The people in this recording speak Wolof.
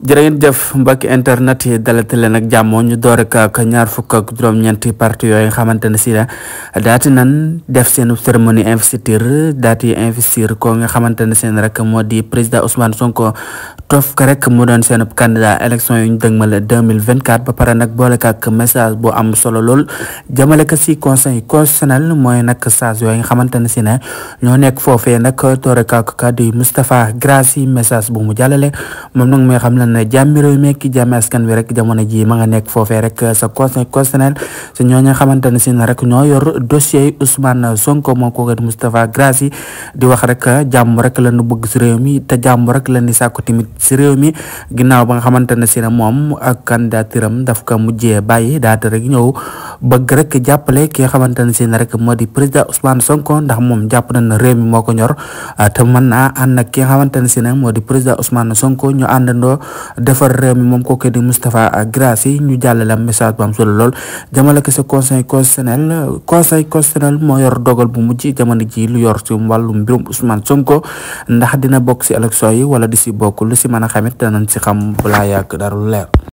jërë ngeen jëf mbokki internet yi dalate leen ak jàmm ñu door ak ñaar fukk ak juróom-ñeenti partie yooyu nga xamante ne si daati nan def seen cérémonie investiture daati investir ko nga xamante ne seen rek moo di président Ousmane Sonko tof rek mu doon seen candidat élection yu ñu dëgmal 2024 ba pare nag boole ak message bu am solo lool jëmale ko si conseil constitutionnel mooy nag saas yooyu nga xamante ne si ne ñoo nekk foofee nag toore ak ka di Moustapha message bu mu jàllale moom nag xam lan ne jàmmi réew mi ki jàmmi askan wi rek jamono ji ma nga nekk foofee rek sa conseil constitutionnel su ñoo nga xamante ne si rek ñoo yor dossier yi Ousmane Sonko moom kooku di Moustapha Guirassy di wax rek jàmm rek lan ñu bëgg si réew mi te jàmm rek la ni sàkku tamit si réew mi ginnaaw ba nga xamante ne si ne moom ak candidature am daf ko mujjee bàyyi daata rek ñëw bëgg rek jàppale ki nga xamante ne si ne rek moo di président Ousmane Sonko ndax moom jàpp na ne réew mi moo ko ñor ah, te mën naa ànd ak ki nga xamante ne si ne moo di président usman Sonko ñu àndandoo defar réew mi moom kooku di Moustapha Guirassy ñu jàllale message bu sol solo lool jamale ko sa conseil constitutionnel conseil constitutionnel moo yor dogal bu mujji jamono ji lu yor si wàllu mbirum Ousmane Sonko ndax dina bokk si élection yi wala di si bokk lu si mën a xamit danañ si xam balaa yàgg dara lu leer